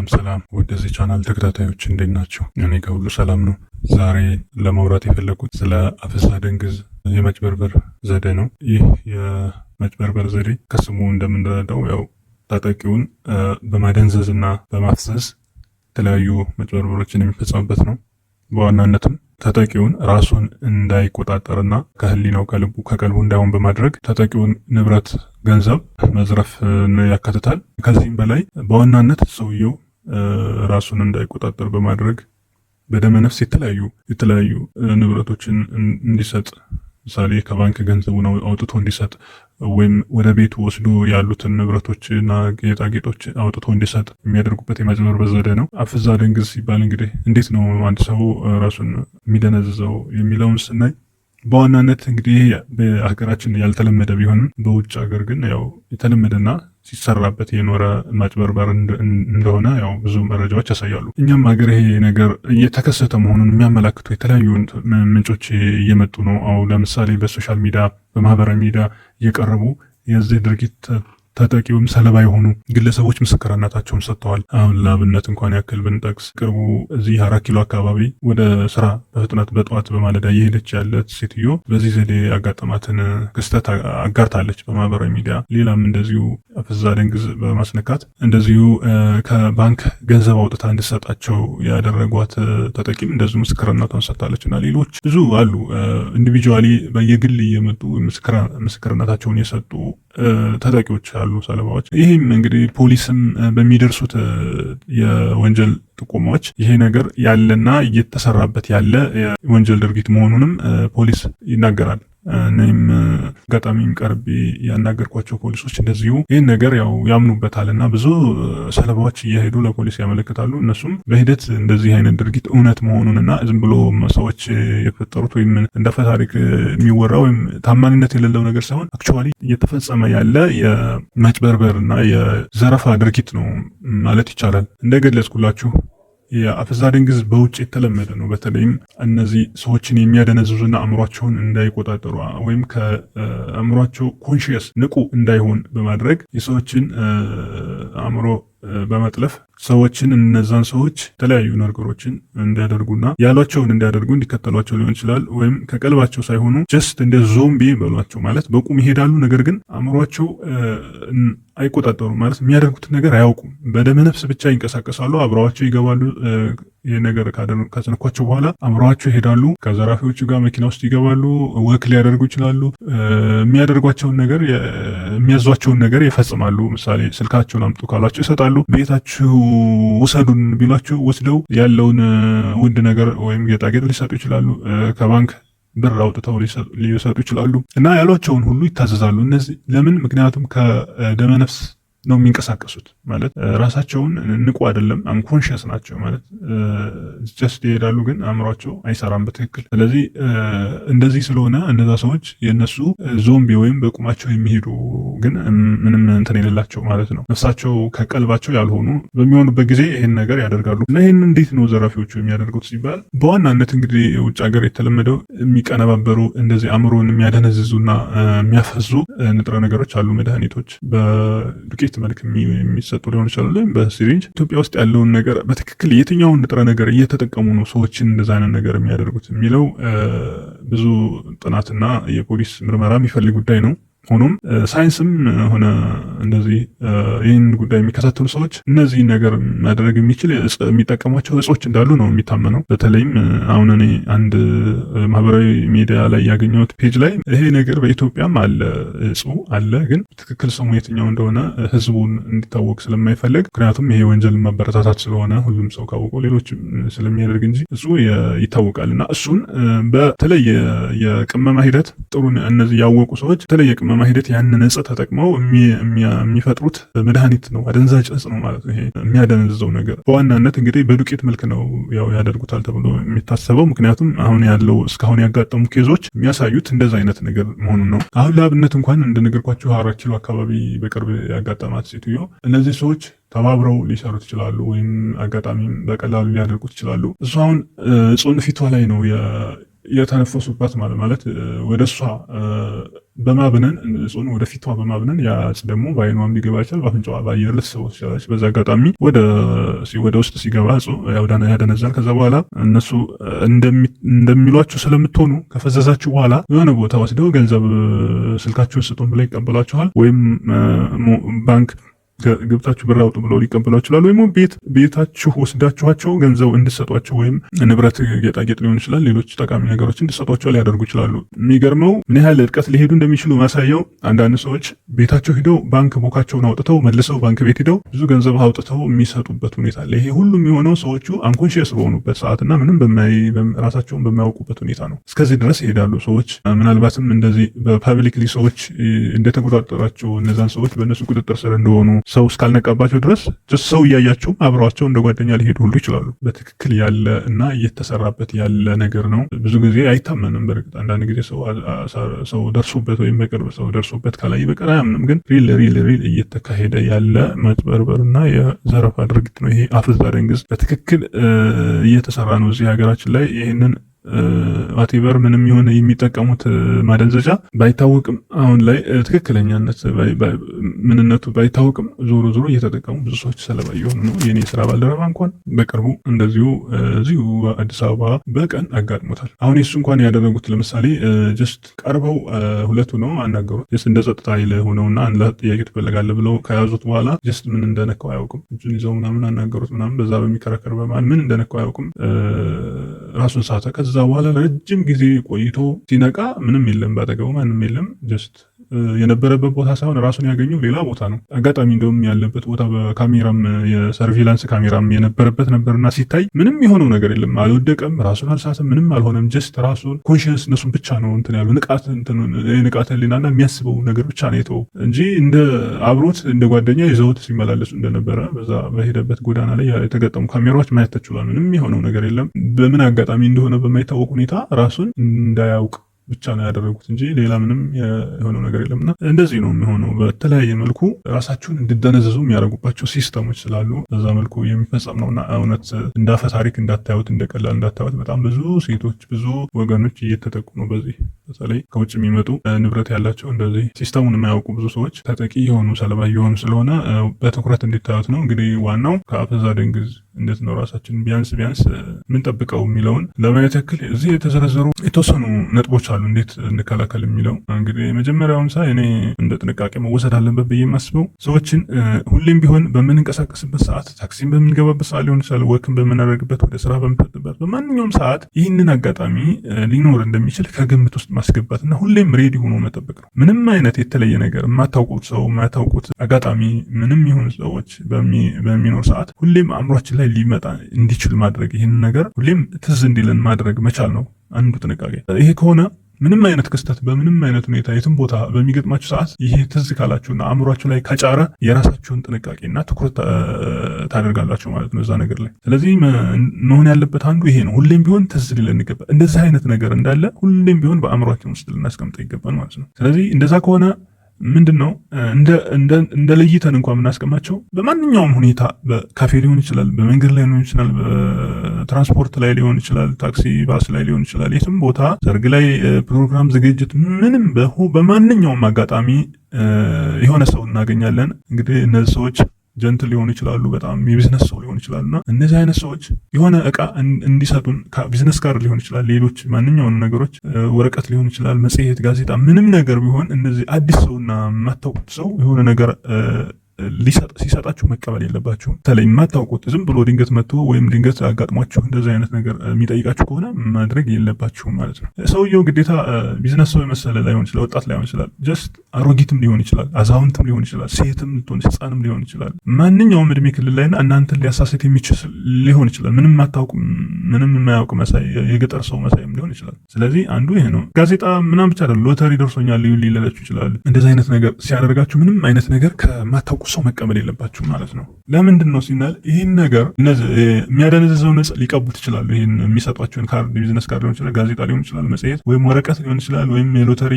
ሰላም ሰላም፣ ወደዚህ ቻናል ተከታታዮች እንዴት ናቸው? እኔ ከሁሉ ሰላም ነው። ዛሬ ለማውራት የፈለጉት ስለ አፍሳ ደንግዝ የመጭበርበር ዘዴ ነው። ይህ የመጭበርበር ዘዴ ከስሙ እንደምንረዳው ያው ታጣቂውን በማደንዘዝ እና በማፍዘዝ የተለያዩ መጭበርበሮችን የሚፈጸምበት ነው። በዋናነትም ታጣቂውን ራሱን እንዳይቆጣጠርና ከህሊናው ከልቡ ከቀልቡ እንዳይሆን በማድረግ ታጣቂውን ንብረት፣ ገንዘብ መዝረፍ ያካትታል። ከዚህም በላይ በዋናነት ሰውየው ራሱን እንዳይቆጣጠር በማድረግ በደመ ነፍስ የተለያዩ የተለያዩ ንብረቶችን እንዲሰጥ ምሳሌ ከባንክ ገንዘቡን አውጥቶ እንዲሰጥ ወይም ወደ ቤቱ ወስዶ ያሉትን ንብረቶችና ጌጣጌጦች አውጥቶ እንዲሰጥ የሚያደርጉበት የማጭበርበር ዘዴ ነው። አፍዛ ደንግዝ ሲባል እንግዲህ እንዴት ነው አንድ ሰው ራሱን የሚደነዝዘው የሚለውን ስናይ በዋናነት እንግዲህ በሀገራችን ያልተለመደ ቢሆንም በውጭ ሀገር ግን ያው የተለመደና ሲሰራበት የኖረ ማጭበርበር እንደሆነ ያው ብዙ መረጃዎች ያሳያሉ። እኛም ሀገር ይሄ ነገር እየተከሰተ መሆኑን የሚያመላክቱ የተለያዩ ምንጮች እየመጡ ነው። አሁ ለምሳሌ በሶሻል ሚዲያ በማህበራዊ ሚዲያ እየቀረቡ የዚህ ድርጊት ተጠቂውም ሰለባ የሆኑ ግለሰቦች ምስክርነታቸውን ሰጥተዋል። አሁን ለአብነት እንኳን ያክል ብንጠቅስ ቅርቡ እዚህ አራት ኪሎ አካባቢ ወደ ስራ በፍጥነት በጠዋት በማለዳ እየሄደች ያለት ሴትዮ በዚህ ዘዴ ያጋጠማትን ክስተት አጋርታለች በማህበራዊ ሚዲያ። ሌላም እንደዚሁ ፍዛ ደንግዝ በማስነካት እንደዚሁ ከባንክ ገንዘብ አውጥታ እንድሰጣቸው ያደረጓት ተጠቂም እንደዚሁ ምስክርነቷን ሰጥታለች እና ሌሎች ብዙ አሉ። ኢንዲቪጁዋሊ በየግል እየመጡ ምስክርነታቸውን የሰጡ ተጠቂዎች አሉ፣ ሰለባዎች። ይህም እንግዲህ ፖሊስም በሚደርሱት የወንጀል ጥቆማዎች ይሄ ነገር ያለና እየተሰራበት ያለ የወንጀል ድርጊት መሆኑንም ፖሊስ ይናገራል። እኔም አጋጣሚም ቀርቤ ያናገርኳቸው ፖሊሶች እንደዚሁ ይህን ነገር ያው ያምኑበታል እና ብዙ ሰለባዎች እየሄዱ ለፖሊስ ያመለክታሉ። እነሱም በሂደት እንደዚህ አይነት ድርጊት እውነት መሆኑን እና ዝም ብሎ ሰዎች የፈጠሩት ወይም እንደ ፈታሪክ የሚወራ ወይም ታማኒነት የሌለው ነገር ሳይሆን አክቹዋሊ እየተፈጸመ ያለ የመጭበርበር እና የዘረፋ ድርጊት ነው ማለት ይቻላል እንደገለጽኩላችሁ የአፈዛደን ግዝ በውጭ የተለመደ ነው። በተለይም እነዚህ ሰዎችን የሚያደነዝዙና አእምሯቸውን እንዳይቆጣጠሩ ወይም ከአእምሯቸው ኮንሽየስ ንቁ እንዳይሆን በማድረግ የሰዎችን አእምሮ በመጥለፍ ሰዎችን እነዛን ሰዎች የተለያዩ ነገሮችን እንዲያደርጉና ያሏቸውን እንዲያደርጉ እንዲከተሏቸው ሊሆን ይችላል። ወይም ከቀልባቸው ሳይሆኑ ጀስት እንደ ዞምቢ በሏቸው ማለት በቁም ይሄዳሉ፣ ነገር ግን አእምሯቸው አይቆጣጠሩም ማለት የሚያደርጉትን ነገር አያውቁም። በደመነፍስ ብቻ ይንቀሳቀሳሉ፣ አብረዋቸው ይገባሉ ይህ ነገር ካጸነኳቸው በኋላ አብረዋቸው ይሄዳሉ። ከዘራፊዎቹ ጋር መኪና ውስጥ ይገባሉ። ወክ ሊያደርጉ ይችላሉ። የሚያደርጓቸውን ነገር የሚያዟቸውን ነገር ይፈጽማሉ። ምሳሌ ስልካቸውን አምጡ ካሏቸው ይሰጣሉ። ቤታችሁ ውሰዱን ቢሏቸው ወስደው ያለውን ውድ ነገር ወይም ጌጣጌጥ ሊሰጡ ይችላሉ። ከባንክ ብር አውጥተው ሊሰጡ ይችላሉ እና ያሏቸውን ሁሉ ይታዘዛሉ። እነዚህ ለምን? ምክንያቱም ከደመነፍስ ነው የሚንቀሳቀሱት ማለት ራሳቸውን ንቁ አይደለም፣ አንኮንሽስ ናቸው ማለት ጀስት ይሄዳሉ፣ ግን አእምሯቸው አይሰራም በትክክል። ስለዚህ እንደዚህ ስለሆነ እነዛ ሰዎች የእነሱ ዞምቢ ወይም በቁማቸው የሚሄዱ ግን ምንም እንትን የሌላቸው ማለት ነው፣ ነፍሳቸው ከቀልባቸው ያልሆኑ በሚሆኑበት ጊዜ ይህን ነገር ያደርጋሉ። እና ይህን እንዴት ነው ዘራፊዎቹ የሚያደርጉት ሲባል በዋናነት እንግዲህ ውጭ ሀገር የተለመደው የሚቀነባበሩ እንደዚህ አእምሮን የሚያደነዝዙና የሚያፈዙ ንጥረ ነገሮች አሉ፣ መድኃኒቶች በዱቄት መልክ የሚሰጡ ሊሆን ይችላሉ። በሲሪንጅ ኢትዮጵያ ውስጥ ያለውን ነገር በትክክል የትኛውን ንጥረ ነገር እየተጠቀሙ ነው ሰዎችን እንደዛ አይነት ነገር የሚያደርጉት የሚለው ብዙ ጥናትና የፖሊስ ምርመራ የሚፈልግ ጉዳይ ነው። ሆኖም ሳይንስም ሆነ እንደዚህ ይህን ጉዳይ የሚከታተሉ ሰዎች እነዚህ ነገር ማድረግ የሚችል የሚጠቀሟቸው እጾች እንዳሉ ነው የሚታመነው። በተለይም አሁን እኔ አንድ ማህበራዊ ሚዲያ ላይ ያገኘሁት ፔጅ ላይ ይሄ ነገር በኢትዮጵያም አለ፣ እጹ አለ። ግን ትክክል ስሙ የትኛው እንደሆነ ህዝቡን እንዲታወቅ ስለማይፈልግ፣ ምክንያቱም ይሄ ወንጀል ማበረታታት ስለሆነ ሁሉም ሰው ካወቀ ሌሎች ስለሚያደርግ እንጂ እጹ ይታወቃል እና እሱን በተለየ የቅመማ ሂደት ጥሩ እነዚህ ያወቁ ሰዎች የተለየ የህመም ሂደት ያንን እጽ ተጠቅመው የሚፈጥሩት መድኃኒት ነው፣ አደንዛጭ እጽ ነው ማለት ነው። ይሄ የሚያደነዝዘው ነገር በዋናነት እንግዲህ በዱቄት መልክ ነው ያው ያደርጉታል ተብሎ የሚታሰበው ምክንያቱም አሁን ያለው እስካሁን ያጋጠሙ ኬዞች የሚያሳዩት እንደዛ አይነት ነገር መሆኑን ነው። አሁን ለአብነት እንኳን እንደነገርኳቸው ሀራ ኪሎ አካባቢ በቅርብ ያጋጠማት ሴትዮ እነዚህ ሰዎች ተባብረው ሊሰሩት ይችላሉ፣ ወይም አጋጣሚም በቀላሉ ሊያደርጉት ይችላሉ። እሱ አሁን እጹን ፊቷ ላይ ነው የተነፈሱባት ማለት ማለት ወደ እሷ በማብነን እጹን ወደ ፊቷ በማብነን ያ ደግሞ በአይኗም ሊገባ ይችላል፣ በአፍንጫዋ በአየር ልትስበው ትችላለች። በዛ አጋጣሚ ወደ ውስጥ ሲገባ እጹ ያደነዛል። ከዛ በኋላ እነሱ እንደሚሏችሁ ስለምትሆኑ ከፈዘዛችሁ በኋላ የሆነ ቦታ ወስደው ገንዘብ ስልካችሁን ስጡን ብለው ይቀበሏችኋል ወይም ባንክ ገብታችሁ ብር አውጡ ብለው ሊቀበሉ ይችላሉ። ወይም ቤት ቤታችሁ ወስዳችኋቸው ገንዘብ እንድሰጧቸው ወይም ንብረት፣ ጌጣጌጥ ሊሆን ይችላል፣ ሌሎች ጠቃሚ ነገሮች እንድሰጧቸው ሊያደርጉ ይችላሉ። የሚገርመው ምን ያህል ርቀት ሊሄዱ እንደሚችሉ ማሳየው አንዳንድ ሰዎች ቤታቸው ሂደው ባንክ ቦካቸውን አውጥተው መልሰው ባንክ ቤት ሂደው ብዙ ገንዘብ አውጥተው የሚሰጡበት ሁኔታ አለ። ይሄ ሁሉም የሆነው ሰዎቹ አንኮንሽስ በሆኑበት ሰዓትና ምንም ራሳቸውን በማያውቁበት ሁኔታ ነው። እስከዚህ ድረስ ይሄዳሉ ሰዎች ምናልባትም እንደዚህ በፐብሊክሊ ሰዎች እንደተቆጣጠራቸው እነዛን ሰዎች በእነሱ ቁጥጥር ስር እንደሆኑ ሰው እስካልነቃባቸው ድረስ ሰው እያያቸውም አብረዋቸው እንደ ጓደኛ ሊሄዱ ሁሉ ይችላሉ። በትክክል ያለ እና እየተሰራበት ያለ ነገር ነው። ብዙ ጊዜ አይታመንም። በእርግጥ አንዳንድ ጊዜ ሰው ደርሶበት ወይም በቅርብ ሰው ደርሶበት ከላይ በቀር አያምንም። ግን ሪል ሪል ሪል እየተካሄደ ያለ መጭበርበር እና የዘረፋ ድርጊት ነው ይሄ። አፍዝ ዳደንግዝ በትክክል እየተሰራ ነው እዚህ ሀገራችን ላይ ይህንን ዋቴቨር ምንም የሆነ የሚጠቀሙት ማደንዘዣ ባይታወቅም አሁን ላይ ትክክለኛነት ምንነቱ ባይታወቅም ዞሮ ዞሮ እየተጠቀሙ ብዙ ሰዎች ሰለባ እየሆኑ ነው። የኔ ስራ ባልደረባ እንኳን በቅርቡ እንደዚሁ እዚሁ አዲስ አበባ በቀን አጋጥሞታል። አሁን የሱ እንኳን ያደረጉት ለምሳሌ ጀስት ቀርበው ሁለቱ ነው አናገሩት። ጀስት እንደ ጸጥታ ይል ሆነውና ጥያቄ ትፈልጋለህ ብለው ከያዙት በኋላ ጀስት ምን እንደነካው አያውቅም። እጁን ይዘው ምናምን አናገሩት ምናምን በዛ በሚከረከር በማን ምን እንደነካው አያውቅም። ራሱን ሳተቀ ከዛ በኋላ ረጅም ጊዜ ቆይቶ ሲነቃ ምንም የለም፣ ባጠገቡ ማንም የለም። ጀስት የነበረበት ቦታ ሳይሆን ራሱን ያገኘው ሌላ ቦታ ነው። አጋጣሚ እንደውም ያለበት ቦታ በካሜራም የሰርቪላንስ ካሜራም የነበረበት ነበርና ሲታይ ምንም የሆነው ነገር የለም። አልወደቀም፣ ራሱን አልሳትም፣ ምንም አልሆነም። ጀስት ራሱን ኮንሽንስነሱን ብቻ ነው እንትን ያሉ ንቃተ ህሊናና የሚያስበው ነገር ብቻ ነው የተወው እንጂ እንደ አብሮት እንደ ጓደኛ ይዘውት ሲመላለሱ እንደነበረ በዛ በሄደበት ጎዳና ላይ የተገጠሙ ካሜራዎች ማየት ተችሏል። ምንም የሆነው ነገር የለም። በምን አጋጣሚ እንደሆነ በማይታወቅ ሁኔታ ራሱን እንዳያውቅ ብቻ ነው ያደረጉት እንጂ ሌላ ምንም የሆነው ነገር የለም። እና እንደዚህ ነው የሚሆነው። በተለያየ መልኩ ራሳችሁን እንድደነዘዙ የሚያደርጉባቸው ሲስተሞች ስላሉ በዛ መልኩ የሚፈጸም ነው እና እውነት እንዳፈ ታሪክ እንዳታዩት፣ እንደቀላል እንዳታዩት። በጣም ብዙ ሴቶች፣ ብዙ ወገኖች እየተጠቁ ነው። በዚህ በተለይ ከውጭ የሚመጡ ንብረት ያላቸው እንደዚህ ሲስተሙን የማያውቁ ብዙ ሰዎች ተጠቂ የሆኑ ሰለባ የሆኑ ስለሆነ በትኩረት እንዲታዩት ነው። እንግዲህ ዋናው ከአፈዛ ድንግዝ እንዴት ነው ራሳችን ቢያንስ ቢያንስ ምንጠብቀው የሚለውን ለማየት ያክል እዚህ የተዘረዘሩ የተወሰኑ ነጥቦች አሉ። ይችላሉ፣ እንዴት እንከላከል የሚለው እንግዲህ የመጀመሪያውን ሳ እኔ እንደ ጥንቃቄ መወሰድ አለበት ብዬ የማስበው ሰዎችን ሁሌም ቢሆን በምንንቀሳቀስበት ሰዓት፣ ታክሲን በምንገባበት ሰዓት ሊሆን ይችላል፣ ወክን በምናደርግበት፣ ወደ ስራ በምንፈጥበት በማንኛውም ሰዓት ይህንን አጋጣሚ ሊኖር እንደሚችል ከግምት ውስጥ ማስገባት እና ሁሌም ሬዲ ሆኖ መጠበቅ ነው። ምንም አይነት የተለየ ነገር የማታውቁት ሰው የማታውቁት አጋጣሚ ምንም ይሁን ሰዎች በሚኖር ሰዓት ሁሌም አእምሯችን ላይ ሊመጣ እንዲችል ማድረግ ይህንን ነገር ሁሌም ትዝ እንዲለን ማድረግ መቻል ነው አንዱ ጥንቃቄ። ይሄ ከሆነ ምንም አይነት ክስተት በምንም አይነት ሁኔታ የትም ቦታ በሚገጥማችሁ ሰዓት ይሄ ትዝ ካላችሁና አእምሯችሁ ላይ ከጫረ የራሳችሁን ጥንቃቄና ትኩረት ታደርጋላችሁ ማለት ነው እዛ ነገር ላይ። ስለዚህ መሆን ያለበት አንዱ ይሄ ነው። ሁሌም ቢሆን ትዝ ሊለን ይገባል። እንደዚህ አይነት ነገር እንዳለ ሁሌም ቢሆን በአእምሯችን ውስጥ ልናስቀምጠ ይገባል ማለት ነው። ስለዚህ እንደዛ ከሆነ ምንድን ነው እንደ ለይተን እንኳ የምናስቀማቸው በማንኛውም ሁኔታ በካፌ ሊሆን ይችላል፣ በመንገድ ላይ ሊሆን ይችላል፣ በትራንስፖርት ላይ ሊሆን ይችላል፣ ታክሲ ባስ ላይ ሊሆን ይችላል፣ የትም ቦታ ሰርግ ላይ ፕሮግራም ዝግጅት፣ ምንም በማንኛውም አጋጣሚ የሆነ ሰው እናገኛለን። እንግዲህ እነዚህ ሰዎች ጀንትል ሊሆኑ ይችላሉ፣ በጣም የቢዝነስ ሰው ሊሆኑ ይችላል። እና እነዚህ አይነት ሰዎች የሆነ እቃ እንዲሰጡን ከቢዝነስ ጋር ሊሆን ይችላል፣ ሌሎች ማንኛውም ነገሮች ወረቀት ሊሆን ይችላል፣ መጽሔት፣ ጋዜጣ፣ ምንም ነገር ቢሆን እነዚህ አዲስ ሰውና የማታውቁት ሰው የሆነ ነገር ሲሰጣችሁ መቀበል የለባችሁም። በተለይ የማታውቁት ዝም ብሎ ድንገት መጥቶ ወይም ድንገት አጋጥሟችሁ እንደዚህ አይነት ነገር የሚጠይቃችሁ ከሆነ ማድረግ የለባችሁም ማለት ነው። ሰውየው ግዴታ ቢዝነስ ሰው የመሰለ ላይሆን ይችላል፣ ወጣት ላይሆን ይችላል፣ ጀስት አሮጊትም ሊሆን ይችላል፣ አዛውንትም ሊሆን ይችላል፣ ሴትም ልትሆን ህፃንም ሊሆን ይችላል። ማንኛውም እድሜ ክልል ላይና እናንተን ሊያሳሴት የሚችል ሊሆን ይችላል። ምንም ማታውቁ ምንም የማያውቅ መሳይ የገጠር ሰው መሳይም ሊሆን ይችላል። ስለዚህ አንዱ ይሄ ነው። ጋዜጣ ምናም ብቻ ሎተሪ ደርሶኛል ሊለለችሁ ይችላል። እንደዚህ አይነት ነገር ሲያደርጋችሁ ምንም አይነት ነገር ከማታውቁ ሰው መቀበል የለባችሁ ማለት ነው። ለምንድን ነው ሲናል ይህን ነገር የሚያደነዝዘው ነጽ ሊቀቡት ይችላሉ። ይህን የሚሰጧቸውን ካርድ፣ ቢዝነስ ካርድ ሊሆን ይችላል፣ ጋዜጣ ሊሆን ይችላል፣ መጽሔት ወይም ወረቀት ሊሆን ይችላል፣ ወይም የሎተሪ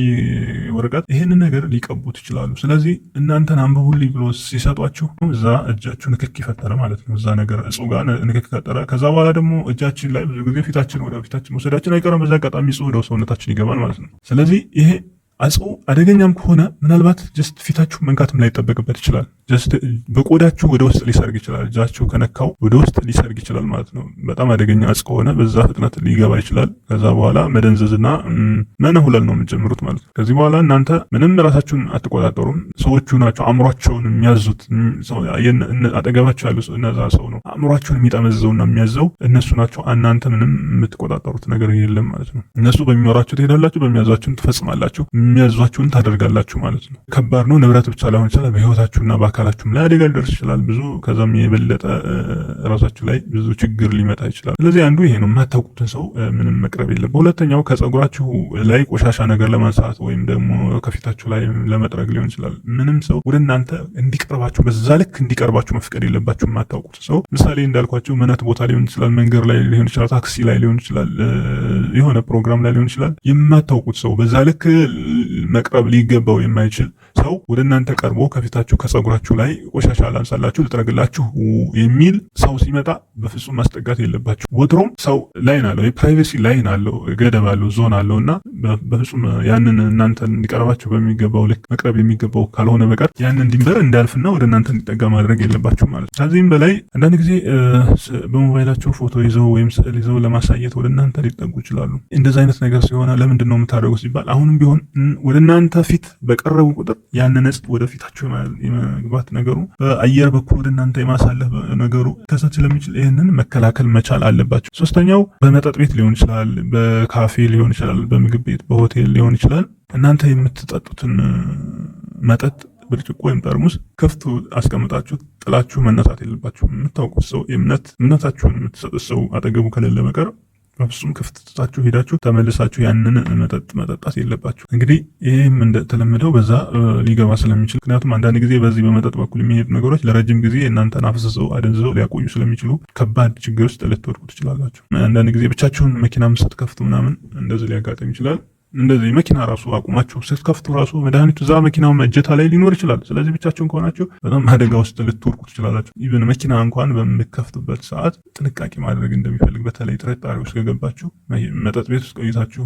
ወረቀት ይህንን ነገር ሊቀቡት ይችላሉ። ስለዚህ እናንተን አንብቡልኝ ብሎ ሲሰጧችሁ እዛ እጃችሁ ንክክ ይፈጠረ ማለት ነው። እዛ ነገር እጹ ጋር ንክክ ፈጠረ። ከዛ በኋላ ደግሞ እጃችን ላይ ብዙ ጊዜ ፊታችን ወደ ፊታችን መውሰዳችን አይቀርም። በዛ አጋጣሚ እጹ ወደ ሰውነታችን ይገባል ማለት ነው። ስለዚህ ይሄ አጽው አደገኛም ከሆነ ምናልባት ጀስት ፊታችሁ መንካትም ላይጠበቅበት ይችላል። ጀስት በቆዳችሁ ወደ ውስጥ ሊሰርግ ይችላል። እጃችሁ ከነካው ወደ ውስጥ ሊሰርግ ይችላል ማለት ነው። በጣም አደገኛ አጽ ከሆነ በዛ ፍጥነት ሊገባ ይችላል። ከዛ በኋላ መደንዘዝና መነሁለል ነው የምንጀምሩት ማለት ነው። ከዚህ በኋላ እናንተ ምንም ራሳችሁን አትቆጣጠሩም። ሰዎቹ ናቸው አእምሯቸውን የሚያዙት። አጠገባቸው ያሉ እነዛ ሰው ነው አእምሯቸውን የሚጠመዘውና የሚያዘው እነሱ ናቸው። እናንተ ምንም የምትቆጣጠሩት ነገር የለም ማለት ነው። እነሱ በሚኖራቸው ትሄዳላችሁ፣ በሚያዟችሁን ትፈጽማላችሁ። የሚያዟችሁን ታደርጋላችሁ ማለት ነው። ከባድ ነው። ንብረት ብቻ ላይሆን ይችላል፣ በህይወታችሁና በአካላችሁም ላይ አደጋ ሊደርስ ይችላል። ብዙ ከዛም የበለጠ ራሳችሁ ላይ ብዙ ችግር ሊመጣ ይችላል። ስለዚህ አንዱ ይሄ ነው። የማታውቁትን ሰው ምንም መቅረብ የለም። ሁለተኛው ከጸጉራችሁ ላይ ቆሻሻ ነገር ለማንሳት ወይም ደግሞ ከፊታችሁ ላይ ለመጥረግ ሊሆን ይችላል። ምንም ሰው ወደ እናንተ እንዲቀርባችሁ በዛ ልክ እንዲቀርባችሁ መፍቀድ የለባችሁ። የማታውቁት ሰው ምሳሌ እንዳልኳቸው መነት ቦታ ሊሆን ይችላል፣ መንገድ ላይ ሊሆን ይችላል፣ ታክሲ ላይ ሊሆን ይችላል፣ የሆነ ፕሮግራም ላይ ሊሆን ይችላል። የማታውቁት ሰው በዛ ልክ መቅረብ ሊገባው የማይችል ሰው ወደ እናንተ ቀርቦ ከፊታችሁ ከጸጉራችሁ ላይ ቆሻሻ ላንሳላችሁ ልጥረግላችሁ የሚል ሰው ሲመጣ በፍጹም ማስጠጋት የለባችሁ። ወትሮም ሰው ላይን አለው፣ የፕራይቬሲ ላይን አለው፣ ገደብ አለው፣ ዞን አለው እና በፍጹም ያንን እናንተ እንዲቀርባችሁ በሚገባው ልክ መቅረብ የሚገባው ካልሆነ በቀር ያንን ድንበር እንዳልፍና ወደ እናንተ እንዲጠጋ ማድረግ የለባችሁ ማለት ነው። ከዚህም በላይ አንዳንድ ጊዜ በሞባይላቸው ፎቶ ይዘው ወይም ስዕል ይዘው ለማሳየት ወደ እናንተ ሊጠጉ ይችላሉ። እንደዚ አይነት ነገር ሲሆነ ለምንድን ነው የምታደርጉ ሲባል አሁንም ቢሆን ወደ እናንተ ፊት በቀረቡ ቁጥር ያን ወደ ወደፊታቸው የመግባት ነገሩ በአየር በኩል ወደ እናንተ የማሳለፍ ነገሩ ከሰት ስለሚችል ይህንን መከላከል መቻል አለባቸው። ሶስተኛው በመጠጥ ቤት ሊሆን ይችላል፣ በካፌ ሊሆን ይችላል፣ በምግብ ቤት፣ በሆቴል ሊሆን ይችላል። እናንተ የምትጠጡትን መጠጥ ብርጭቆ ወይም ጠርሙስ ከፍቶ አስቀምጣችሁ ጥላችሁ መነሳት የለባችሁ። የምታውቁት ሰው እምነት እምነታችሁን የምትሰጡት ሰው አጠገቡ ከሌለ በቀር እሱም ከፍትታችሁ ሄዳችሁ ተመልሳችሁ ያንን መጠጥ መጠጣት የለባችሁ። እንግዲህ ይህም እንደተለመደው በዛ ሊገባ ስለሚችል ምክንያቱም አንዳንድ ጊዜ በዚህ በመጠጥ በኩል የሚሄዱ ነገሮች ለረጅም ጊዜ እናንተን አፍስሰው አደንዝዘው ሊያቆዩ ስለሚችሉ ከባድ ችግር ውስጥ ልትወድቁ ትችላላችሁ። አንዳንድ ጊዜ ብቻችሁን መኪናም ስትከፍቱ ምናምን እንደዚህ ሊያጋጥም ይችላል። እንደዚህ መኪና ራሱ አቁማችሁ ስትከፍቱ ራሱ መድኃኒቱ እዛ መኪናው እጀታ ላይ ሊኖር ይችላል። ስለዚህ ብቻችሁን ከሆናችሁ በጣም አደጋ ውስጥ ልትወርቁ ትችላላችሁ። ኢቨን መኪና እንኳን በምትከፍቱበት ሰዓት ጥንቃቄ ማድረግ እንደሚፈልግ በተለይ ጥርጣሬ ውስጥ ከገባችሁ መጠጥ ቤት ውስጥ ቆይታችሁ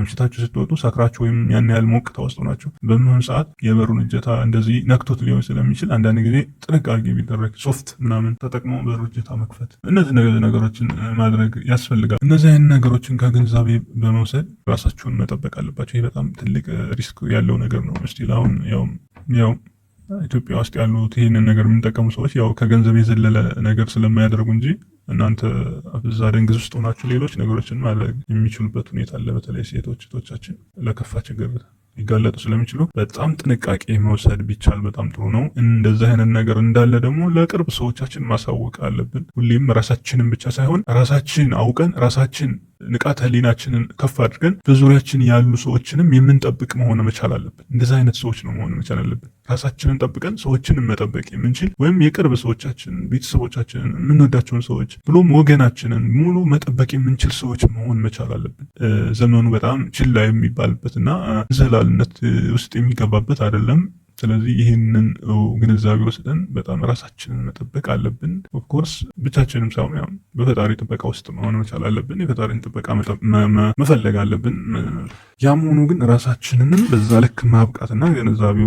አምሽታችሁ ስትወጡ ሰክራችሁ ወይም ያን ያህል ሞቅ ተወስጦ ናችሁ በሚሆን ሰዓት የበሩን እጀታ እንደዚህ ነክቶት ሊሆን ስለሚችል አንዳንድ ጊዜ ጥንቃቄ ቢደረግ ሶፍት ምናምን ተጠቅሞ በሩ እጀታ መክፈት፣ እነዚህ ነገሮችን ማድረግ ያስፈልጋል። እነዚህ አይነት ነገሮችን ከግንዛቤ በመውሰድ ራሳችሁን መጠበቅ አለባቸው። ይህ በጣም ትልቅ ሪስክ ያለው ነገር ነው። ስቲል አሁን ያው ኢትዮጵያ ውስጥ ያሉት ይህንን ነገር የሚጠቀሙ ሰዎች ያው ከገንዘብ የዘለለ ነገር ስለማያደርጉ እንጂ እናንተ እዛ ደንግዝ ውስጥ ሆናችሁ ሌሎች ነገሮችን ማድረግ የሚችሉበት ሁኔታ አለ። በተለይ ሴቶች እህቶቻችን ለከፋ ችግር ሊጋለጡ ስለሚችሉ በጣም ጥንቃቄ መውሰድ ቢቻል በጣም ጥሩ ነው። እንደዚህ አይነት ነገር እንዳለ ደግሞ ለቅርብ ሰዎቻችን ማሳወቅ አለብን። ሁሌም ራሳችንን ብቻ ሳይሆን ራሳችን አውቀን ራሳችን ንቃተ ህሊናችንን ከፍ አድርገን በዙሪያችን ያሉ ሰዎችንም የምንጠብቅ መሆን መቻል አለብን። እንደዚህ አይነት ሰዎች ነው መሆን መቻል አለብን። ራሳችንን ጠብቀን ሰዎችንም መጠበቅ የምንችል ወይም የቅርብ ሰዎቻችንን፣ ቤተሰቦቻችንን፣ የምንወዳቸውን ሰዎች ብሎም ወገናችንን ሙሉ መጠበቅ የምንችል ሰዎች መሆን መቻል አለብን። ዘመኑ በጣም ችላ የሚባልበት እና ዘላልነት ውስጥ የሚገባበት አይደለም። ስለዚህ ይህንን ግንዛቤ ወስደን በጣም ራሳችንን መጠበቅ አለብን። ኦፍኮርስ ብቻችንም ሳይሆን ያው በፈጣሪ ጥበቃ ውስጥ መሆን መቻል አለብን። የፈጣሪን ጥበቃ መፈለግ አለብን። ያም ሆኖ ግን ራሳችንንም በዛ ልክ ማብቃትና ግንዛቤ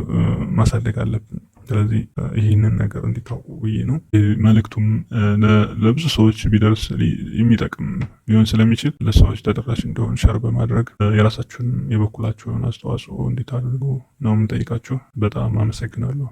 ማሳደግ አለብን። ስለዚህ ይህንን ነገር እንዲታውቁ ብዬ ነው። መልእክቱም ለብዙ ሰዎች ቢደርስ የሚጠቅም ሊሆን ስለሚችል ለሰዎች ተደራሽ እንዲሆን ሸር በማድረግ የራሳችሁን የበኩላችሁን አስተዋጽኦ እንዲታደርጉ ነው የምጠይቃችሁ። በጣም አመሰግናለሁ።